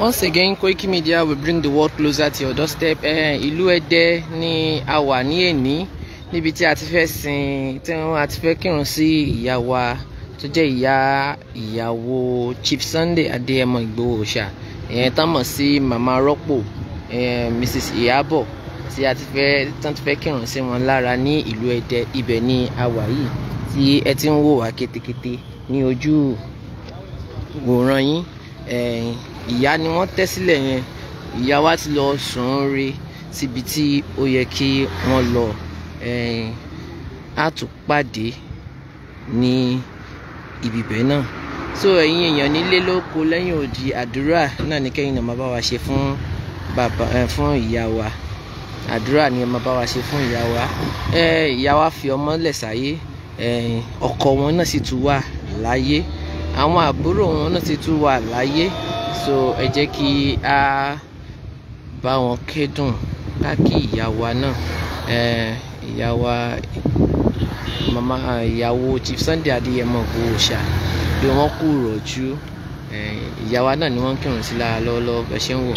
once again Koiki Media will bring the world closer to your doorstep eh, ìlú Ẹdẹ ni a wà ní èní níbi tí a ti fẹ́ sin tí wọ́n a ti fẹ́ kírun sí ìyá wa tó jẹ́ ìyá ìyàwó Chief Sunday Adéyẹmọ Ìgbòho Òòṣà ìyẹn tán mọ̀ sí màmá rọ́pò eh, Mrs Ìyábọ̀ tí a ti fẹ́ tán ti fẹ́ kírun sí wọn lára ní ìlú Ẹdẹ ibẹ̀ ni a wà yìí tí ẹ ti ń wò wá ketekete ní ojú wòran yín eh, ìyá ni wọ́n tẹ́ sílẹ̀ yẹn ìyá wa ti lọ sùn re síbi tí ó yẹ kí wọ́n lọ á tún pàdé ní ibibẹ̀ náà so ẹ̀yin èèyàn nílé lóko lẹ́yìn odi àdúrà náà ní kẹ́yìn náà máa bá wa ṣe fún bàbá fún ìyá wa àdúrà ni máa bá wa ṣe fún ìyá wa ìyá wa fi ọmọ lẹ̀ sáyé ọkọ wọn náà sì tún wà láyé àwọn àbúrò wọn náà sì tún wà láyé so ẹ jẹ́ kí a bá wọn kẹ́dùn ká kí ìyá wa náà ìyá wa mama ìyàwó Chief Sunday Adéyẹmọ Ògbómọ̀ṣà bí wọ́n kú rọ̀jú ìyá wa náà ni wọ́n ń kírun sí lára lọ́wọ́lọ́wọ́ bẹ́ẹ̀ ṣe ń wò.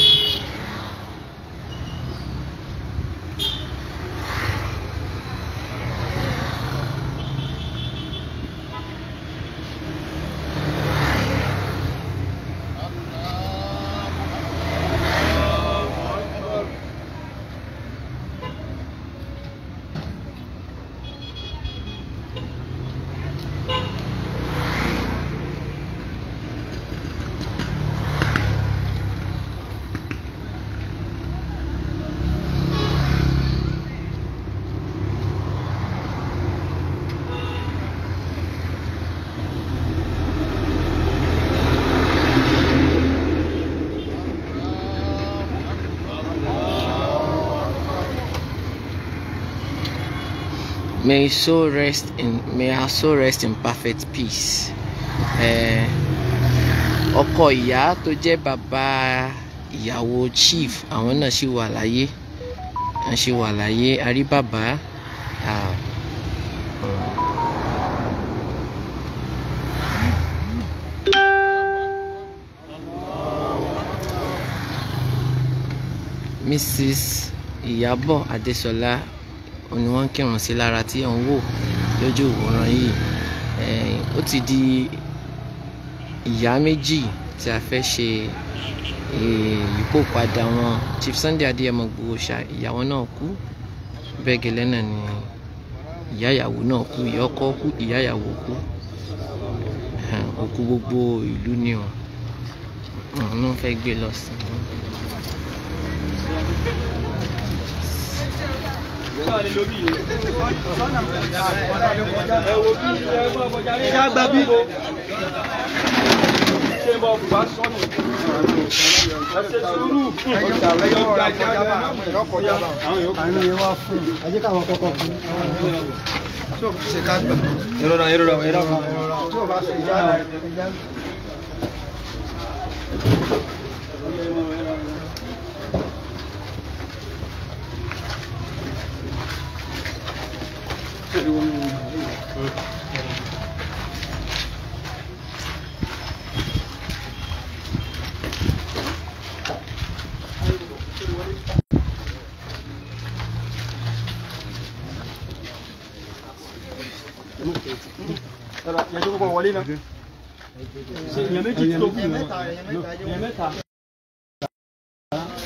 May his soul rest in may her soul rest in perfect peace. Eh, ọkọ ìyá tó jẹ́ bàbá ìyàwó chief àwọn náà ṣì wà láyé náà ṣì wà láyé arí bàbá. Mrs. Ìyábọ̀ Adésọlá ni wọ́n ń kírun sí lára tí ẹ̀ ń wò lójú ìwòran yìí ó ti di ìyá méjì tí a fẹ́ ṣe ìkópadà wọn Chief Sunday Adéyẹmọ Ìgbòho ìyàwó náà kú bẹ́ẹ̀ gẹ́lẹ́ náà ni ìyá ìyàwó náà kú ìyá ọkọ kú ìyá ìyàwó kú òkú gbogbo ìlú ni o òun náà fẹ́ gbé lọ sí i ṣá gba bí. ṣé mo bùbá sọnù. ẹsẹ̀ sùúrù. àwọn yóò wá fún un ẹ jẹ́ káwọn ká gbà. ìrora ìrora ìrora. tí o bá Ya yo como bolina. Sí, ya me quito. Ya me está, ya me está.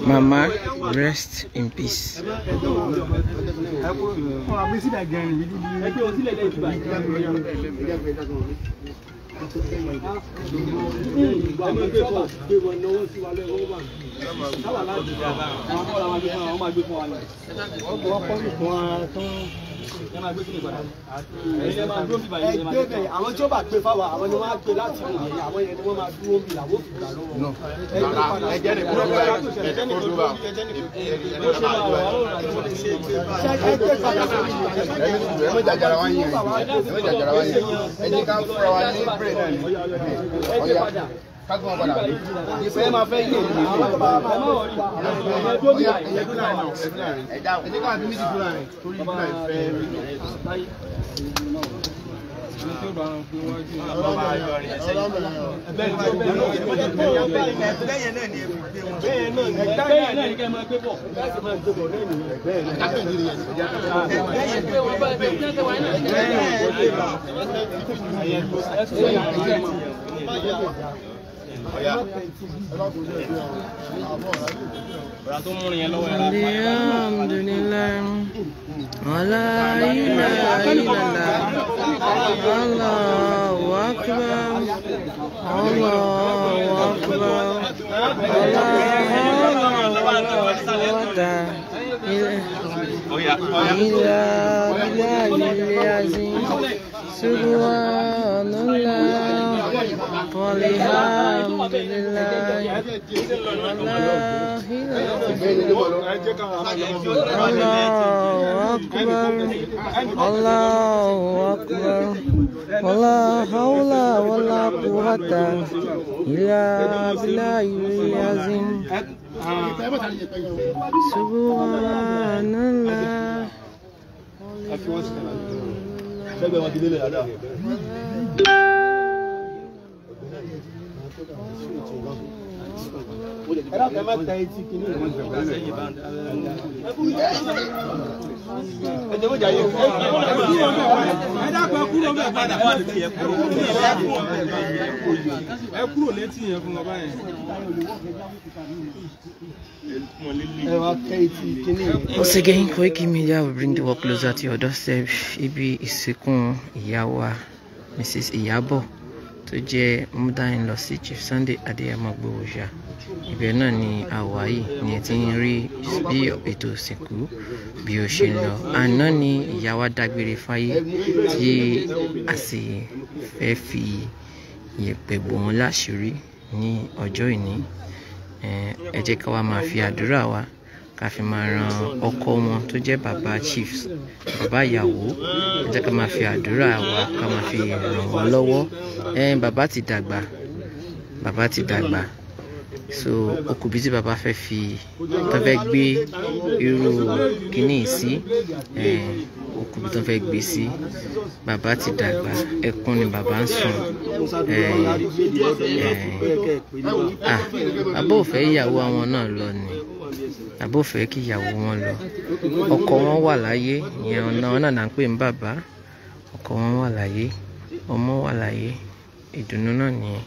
Mama, rest in peace. Thank you ẹ máa gbé kíni padà ẹ máa dúró bíbá yìí ẹ máa gbé bẹ́ẹ̀ àwọn tí ó bá gbé fáwọn àwọn ni wọ́n á gbé láti ìlú yẹn àwọn yẹn ni wọ́n máa dúró bí làwọn fi gbà lọ́wọ́. ẹ jẹ́ ní kúrò bá ẹ jẹ́ ní kúrò bá ẹ jẹ́ ní kúrò bá ẹ jẹ́ ní ẹ mọ jàjàrà wá yẹn ẹ mọ jàjàrà wá yẹn ẹ jẹ́ ká fúra wa ní bírè náà ní ọ̀yà kágbọn Thank you. ọ̀yà iya. alhamdulillah akbar subhanallah. والحمد لله الله أكبر الله أكبر ولا حول ولا قوة إلا بالله العظيم سبحان الله Once again, Koiki Media will bring the work closer to your doorstep. Ibi ìsìnkú ìyá wa, Mrs. Iyabo tó jẹ́ ọmọdáyìn lọ sí Chief Sunday Adéyẹmọ Gbowósà ibẹ̀ náà ni àwa ni ti ń rí bí ètò ìsìnkú bí ó ṣe ń lọ àná ni ìyá wa dágbére fáyé tí a sì fẹ́ fi yẹ̀pẹ̀ bò wọ́n láṣìírí ní ọjọ́ ìní ẹ jẹ́ ká wa máa fi àdúrà wa ká fi máa ran ọkọ wọn tó jẹ́ bàbá chief bàbá ìyàwó ẹ jẹ́ ká máa fi àdúrà wa ká máa fi ràn wọ́n lọ́wọ́ bàbá ti dàgbà bàbá ti dàgbà so okùnbí tí bàbá fẹ́ fi tó fẹ́ gbé irú kínní sí okùnbí tó fẹ́ gbé sí bàbá ti dàgbà ẹkún ni bàbá ń sùn àbó ah, òfẹ́ ìyàwó àwọn náà lọ ni. abófẹ́ kí ìyàwó wọn lọ ọkọ wọn wà láyé ìyẹn ọ̀nà náà là ń pè ní bàbá ọkọ wọn wà láyé ọmọ wà láyé ìdùnnú náà nìyẹn.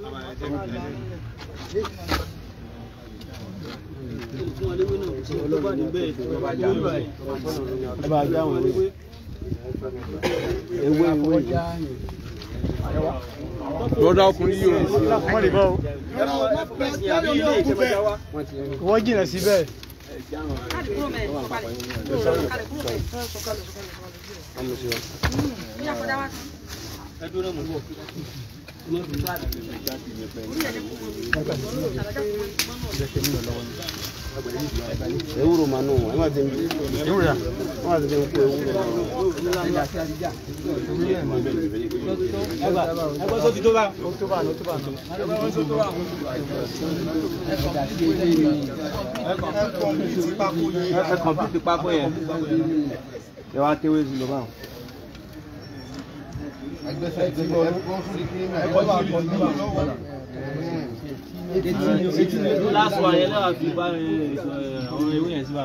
ẹ bá já wọn ewé ewé ewé lọ́dà ọkùnrin yìí o. wọ́n lè bọ́ o. wọ́n jìnnà síbẹ̀. ẹ dúró mú bọ̀ ewúro ma nù wọn wọn ti mi ewúro ya wọn ti mi kó ewúro ma nù. ẹgbẹ́ sọ ti tó bá. yẹn. ẹ wá kéwé sí lọ báwọn ètí lásán ayé lẹ́wà fi bá àwọn ewé yẹn síbà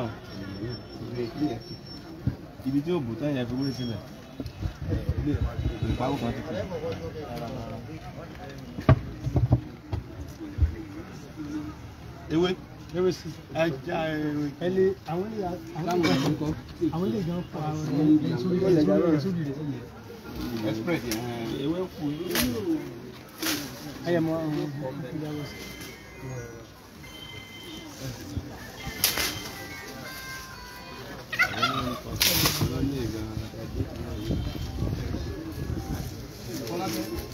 ibi tí ó bù tán yẹn fi wúlé sílẹ̀ ìpawó kan títí. ewé ewé sí. ẹja ewé. ẹlẹ àwọn ilé àwọn ilé ìjọ ń fọ àwọn ẹni sórí rẹ sórí rẹ sórí rẹ spread yẹn. ewé kù yóò. ayé mo àwọn ọmọ ìyá wọ sí.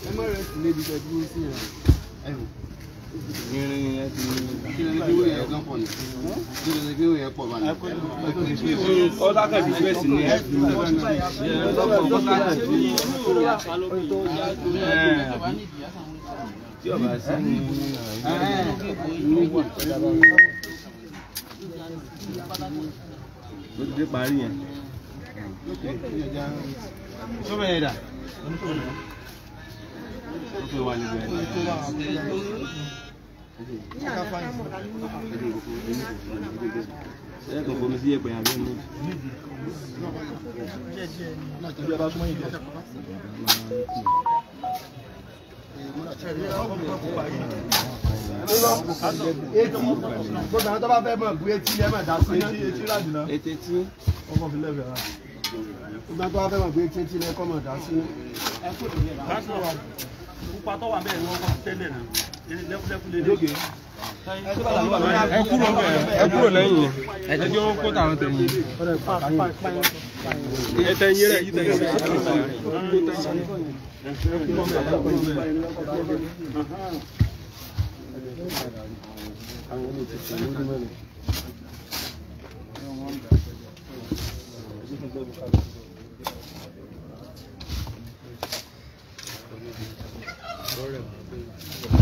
ẹ má rẹ̀ sí lébi tẹ̀ dúró sí yẹn. ìrìn àti ìrìn àti ìwé pọ̀ ní kí ló ṣe kí ó yẹ pọ̀ bá ní. ó dákẹ́ bí bẹ́ẹ̀ sì ni ẹ tí ọba sí ni ló ti dé parí yẹn. sọ́mọ̀ yẹn dà. ó pè wá níbi ẹ kàn fomi sí ẹgbẹ̀yà mẹ́rin eti gbogbo àwọn tó bá fẹ́ mọ̀ bu eti lẹ́mọ̀ dá sí eti eti láti náà eti eti ọmọ fi lẹ́fẹ̀ẹ́ rà gbogbo àwọn tó bá fẹ́ pupa tó wà bẹ́ẹ̀ ni wọ́n kọ́ tẹ́lẹ̀ náà ẹ kúrò ẹ kúrò lẹ́yìn ẹ jọ kó tàwọn tẹ̀yìn ẹ tẹ̀yìn rẹ̀ yìí tẹ̀yìn rẹ̀ Thank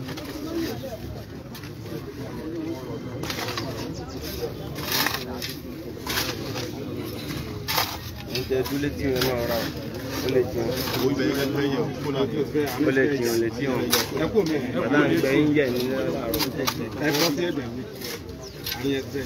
dúró létí wọn máa ra o lè jẹun o lè jẹun létí wọn bàbá àgbẹ̀ ń yẹ̀ nínú àrùn ẹ̀kọ́ sí ẹ̀bẹ̀ mi àyẹ̀tẹ̀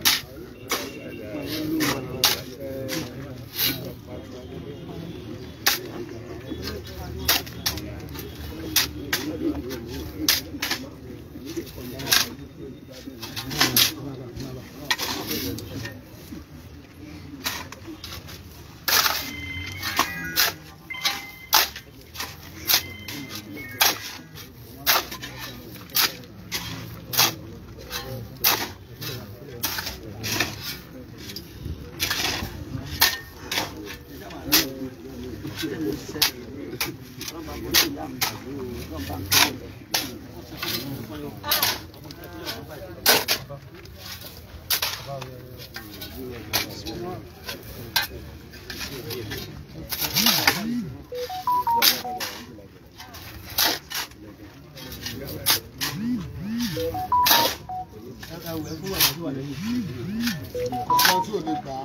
lè gbà á.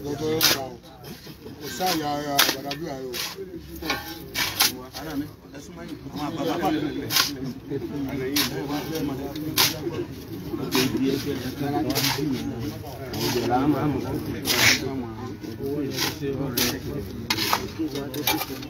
Gbogbo ẹ̀ rà o. Kò sí àyà ara àgbàdá bí ààrẹ o. Thank you.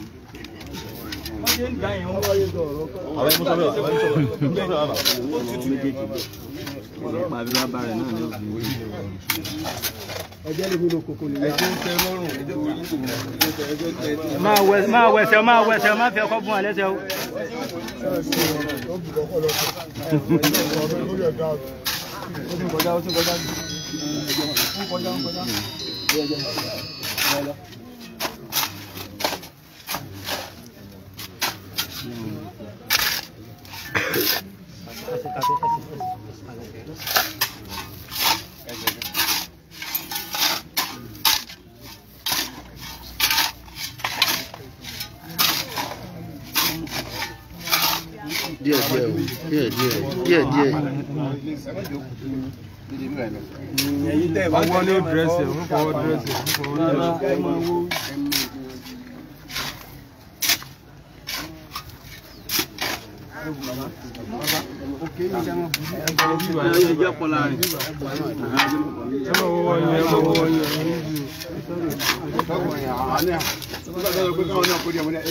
àwọn ẹmú sọfẹ máa wẹsẹ̀ máa máa fi ọkọ̀ bùn alẹ́ sẹ́wọ́. ó ti kọjá su cabeza es, es palomero. díẹ̀ díẹ̀ o díẹ̀ díẹ̀ díẹ̀ díẹ̀. ẹ̀yin tẹ́ ìwà wọlé dírẹ́sì ẹ̀ ń fọwọ́ dírẹ́sì ẹ̀ ń fọwọ́ dírẹ́sì. Thank you.